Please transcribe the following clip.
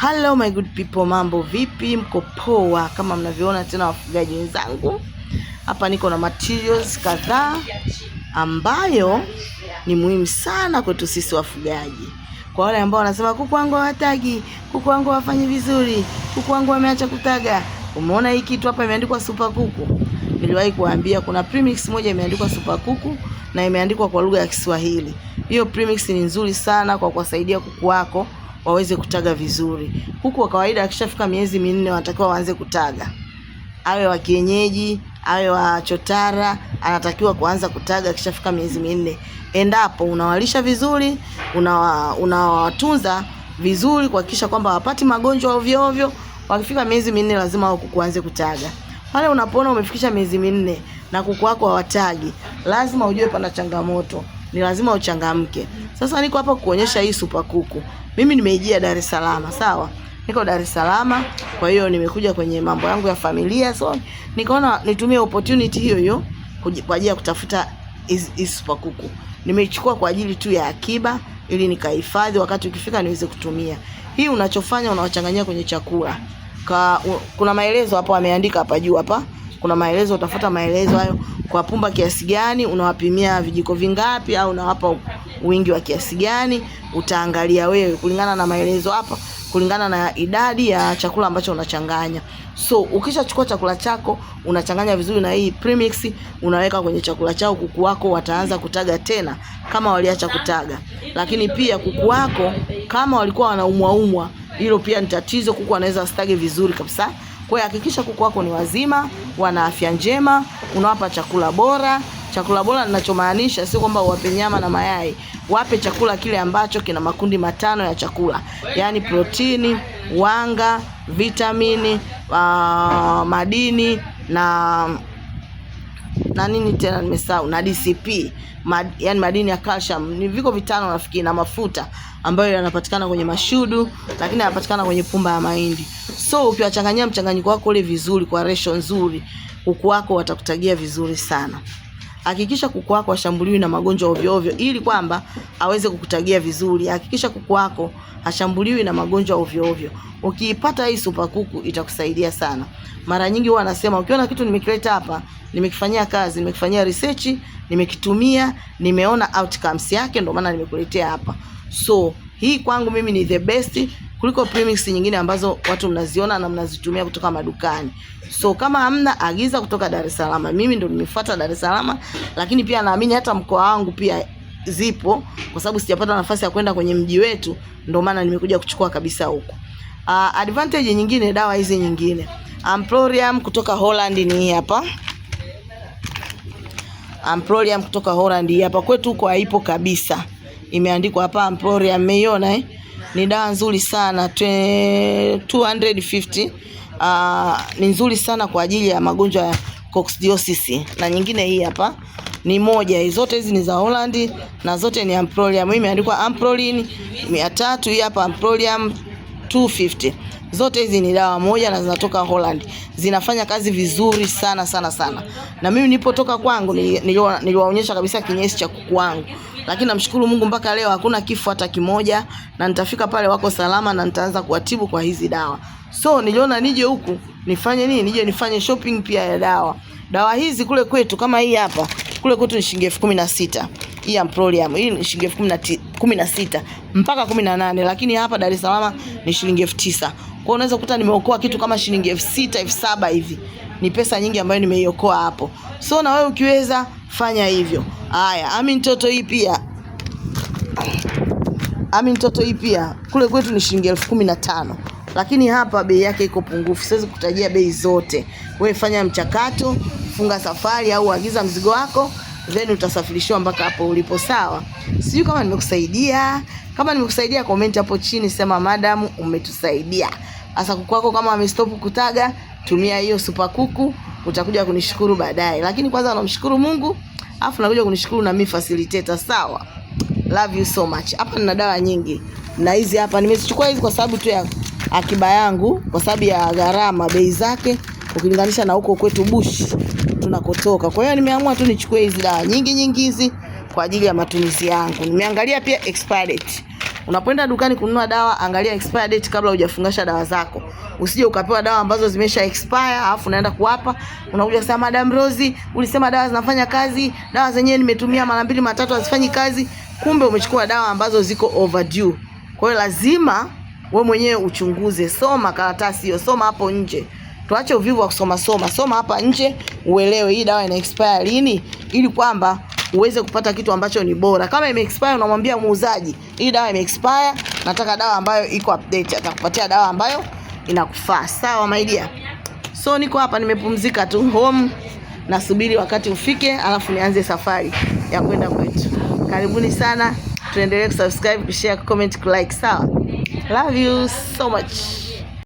Hello my good people, mambo vipi? Mko poa? Kama mnavyoona tena, wafugaji wenzangu, hapa niko na materials kadhaa ambayo ni muhimu sana kwetu sisi wafugaji. Kwa wale ambao wanasema kuku wangu hawatagi, kuku wangu hawafanyi vizuri, kuku wangu wameacha kutaga, umeona hii kitu hapa imeandikwa super kuku. Niliwahi kuambia kuna premix moja imeandikwa super kuku na imeandikwa kwa lugha ya Kiswahili. Hiyo premix ni nzuri sana kwa kuwasaidia kuku wako waweze kutaga vizuri. Kuku wa kawaida akishafika miezi minne wanatakiwa waanze kutaga, awe wa kienyeji awe wa chotara, anatakiwa kuanza kutaga akishafika miezi minne. Endapo unawalisha vizuri, unawatunza una vizuri kuhakikisha kwamba hawapati magonjwa ovyo ovyo, wakifika miezi minne lazima hao kuku waanze kutaga. Pale unapoona umefikisha miezi minne na kuku wako hawatagi, lazima ujue pana changamoto, ni lazima uchangamke. Sasa niko hapa kuonyesha hii super kuku. Mimi nimeijia Dar es Salaam, sawa, niko Dar es Salaam, kwa hiyo nimekuja kwenye mambo yangu ya familia, so nikaona nitumie opportunity hiyo hiyo kwa ajili ya kutafuta isupa kuku. Nimeichukua kwa ajili tu ya akiba ili nikahifadhi, wakati ukifika niweze kutumia. Hii unachofanya unawachanganyia kwenye chakula. Ka, kuna maelezo hapo ameandika hapa juu hapa kuna maelezo, utafuta maelezo hayo. Kwa pumba kiasi gani, unawapimia vijiko vingapi, au unawapa wingi wa kiasi gani, utaangalia wewe kulingana na maelezo hapa, kulingana na idadi ya chakula ambacho unachanganya. So ukishachukua chakula chako unachanganya vizuri na hii premix, unaweka kwenye chakula chao, kuku wako wataanza kutaga tena kama waliacha kutaga. Lakini pia kuku wako kama walikuwa wanaumwa umwa, hilo pia ni tatizo. Kuku anaweza asitage vizuri kabisa. Kwa hiyo hakikisha kuku wako ni wazima wana afya njema, unawapa chakula bora. Chakula bora ninachomaanisha sio kwamba uwape nyama na mayai, wape chakula kile ambacho kina makundi matano ya chakula, yaani protini, wanga, vitamini, uh, madini na na nini tena nimesahau, na DCP mad, yani madini ya calcium. Ni viko vitano nafikiri, na mafuta ambayo yanapatikana kwenye mashudu, lakini yanapatikana kwenye pumba ya mahindi. So ukiwachanganyia mchanganyiko wako ule vizuri, kwa resho nzuri, kuku wako watakutagia vizuri sana hakikisha kuku wako washambuliwi na magonjwa ovyo ovyo, ili kwamba aweze kukutagia vizuri. Hakikisha kuku wako hashambuliwi na magonjwa ovyo ovyo. Ukiipata hii supa kuku itakusaidia sana. Mara nyingi huwa anasema ukiona kitu nimekileta hapa, nimekifanyia kazi, nimekifanyia research, nimekitumia, nimeona outcomes yake, ndio maana nimekuletea hapa. So hii kwangu mimi ni the best kuliko premix nyingine ambazo watu mnaziona na mnazitumia kutoka madukani. So kama hamna, agiza kutoka Dar es Salaam. Mimi ndo nimefuata Dar es Salaam, lakini pia naamini hata mkoa wangu pia zipo, kwa sababu sijapata nafasi ya kwenda kwenye mji wetu, ndio maana nimekuja kuchukua kabisa huko. Uh, ah, advantage nyingine dawa hizi nyingine Amprolium kutoka Holland ni hii hapa. Amprolium kutoka Holland hii hapa, kwetu huko haipo kabisa. Imeandikwa hapa Amprolium, mmeiona eh? ni dawa nzuri sana 250 uh, ah, ni nzuri sana kwa ajili ya magonjwa ya coccidiosis na nyingine hii hapa ni moja. Zote hizi ni za Holland na zote ni Amprolium. Hii imeandikwa Amprolin 300, hii hapa Amprolium 250. Zote hizi ni dawa moja na zinatoka Holland. Zinafanya kazi vizuri sana sana sana. Na mimi nilipotoka kwangu niliwaonyesha kabisa kinyesi cha kuku wangu lakini namshukuru Mungu mpaka leo hakuna kifo hata kimoja, na nitafika pale wako salama, na nitaanza kuwatibu kwa hizi dawa. So niliona nije huku nifanye nini, nije nifanye shopping pia ya dawa. Dawa hizi kule kwetu kama hii hapa, kule kwetu ni shilingi elfu kumi na sita hii ya Mprolium. Hii ni shilingi elfu kumi na sita mpaka kumi na nane lakini hapa Dar es Salaam ni shilingi elfu tisa Kwa unaweza kukuta nimeokoa kitu kama shilingi elfu sita elfu saba hivi. Ni pesa nyingi ambayo nimeiokoa hapo. So na wewe ukiweza fanya hivyo. Haya, ami Toto hii pia. ami Toto hii pia kule kwetu ni shilingi elfu kumi na tano lakini hapa bei yake iko pungufu. Siwezi kutajia bei zote. Wewe fanya mchakato, funga safari au agiza mzigo wako then utasafirishiwa mpaka hapo ulipo. Sawa, sijui kama nimekusaidia. Kama nimekusaidia, comment hapo chini, sema madam, umetusaidia. Asa kuku wako kama amestop kutaga, tumia hiyo super kuku, utakuja kunishukuru baadaye. Lakini kwanza namshukuru Mungu, afu nakuja kunishukuru na mimi facilitator. Sawa, love you so much. Hapa nina dawa nyingi, na hizi hapa nimezichukua hizi kwa sababu tu ya akiba yangu, kwa sababu ya gharama, bei zake ukilinganisha na huko kwetu bush tunakotoka. Kwa hiyo nimeamua tu nichukue hizi dawa nyingi nyingi hizi kwa ajili ya matumizi yangu. Nimeangalia pia expire date. Unapoenda dukani kununua dawa, angalia expire date kabla hujafungasha dawa zako. Usije ukapewa dawa ambazo zimesha expire, alafu unaenda kuwapa, unakuja sasa, Madam Rose, ulisema dawa zinafanya kazi, dawa zenyewe nimetumia mara mbili matatu hazifanyi kazi, kumbe umechukua dawa ambazo ziko overdue. Kwa hiyo lazima we mwenyewe uchunguze, soma karatasi hiyo, soma hapo nje. Tuache uvivu wa kusoma soma. Soma hapa nje uelewe hii dawa ina expire lini ili kwamba uweze kupata kitu ambacho ni bora. Kama ime expire unamwambia muuzaji, hii dawa ime expire, nataka dawa ambayo iko update. Atakupatia dawa ambayo inakufaa. Sawa my dear. So niko hapa nimepumzika tu home, nasubiri wakati ufike, alafu nianze safari ya kwenda kwetu. Karibuni sana, tuendelee kusubscribe, kushare, comment, kulike. Sawa, love you so much.